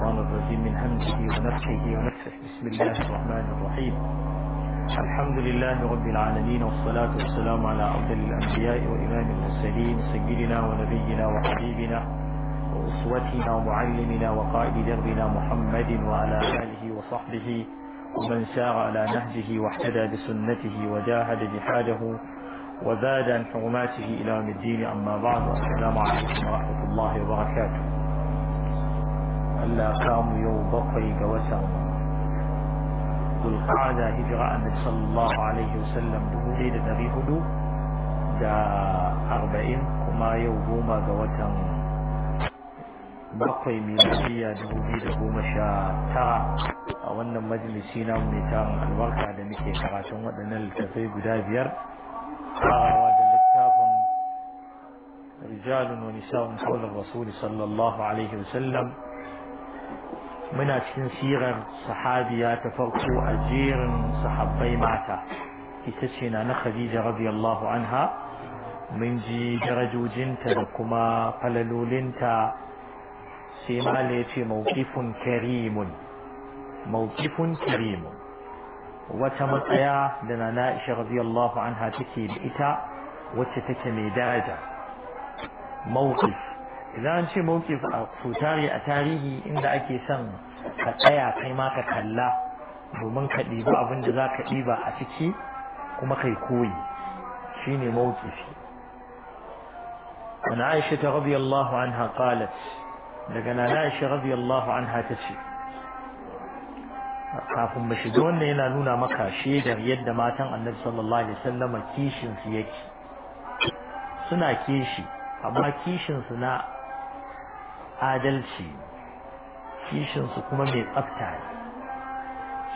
الشيطان الرجيم من همزه ونفخه ونفخه بسم الله الرحمن الرحيم الحمد لله رب العالمين والصلاة والسلام على عبد الأنبياء وإمام المرسلين سيدنا ونبينا وحبيبنا وأسوتنا ومعلمنا وقائد دربنا محمد وعلى آله وصحبه ومن سار على نهجه واحتدى بسنته وجاهد جهاده وزاد عن حرماته إلى يوم الدين أما بعد السلام عليكم ورحمة الله وبركاته ألا قاموا يوم بقري قوسر قل قعدا هجر صلى الله عليه وسلم به غير هدو دا أربعين كما يوم قوسر بقري ميلادية به غير قوم شا ترى أولا مجلسينا من تارا الوركة لنكي كراتون ودنا التفي قدابير رجال ونساء قول الرسول صلى الله عليه وسلم muna cikin sirar sahabiya ta farko a jerin sahabbai mata ita ce na na khadija radiyallahu anha mun ji darajojinta da kuma falalolinta sai mala ya ce mawqifun karimun mawqifun karimun wata matsaya da na na'isha radiyallahu anha take da ita wacce take mai daraja mawqif idan an ce mawqif a futari a tarihi inda ake son ka tsaya kai ma ka kalla domin ka ɗibi abin da za ka ɗiba a ciki kuma kai koyi Aisha, ta عن عائشة An الله daga قالت Aisha عائشة رضي An عنها ce. kafin mu shiga wannan yana nuna maka shaidar yadda matan annabi sallallahu alaihi kishin su yake suna kishi amma kishin su na adalci kishinsu kuma mai tsafta ne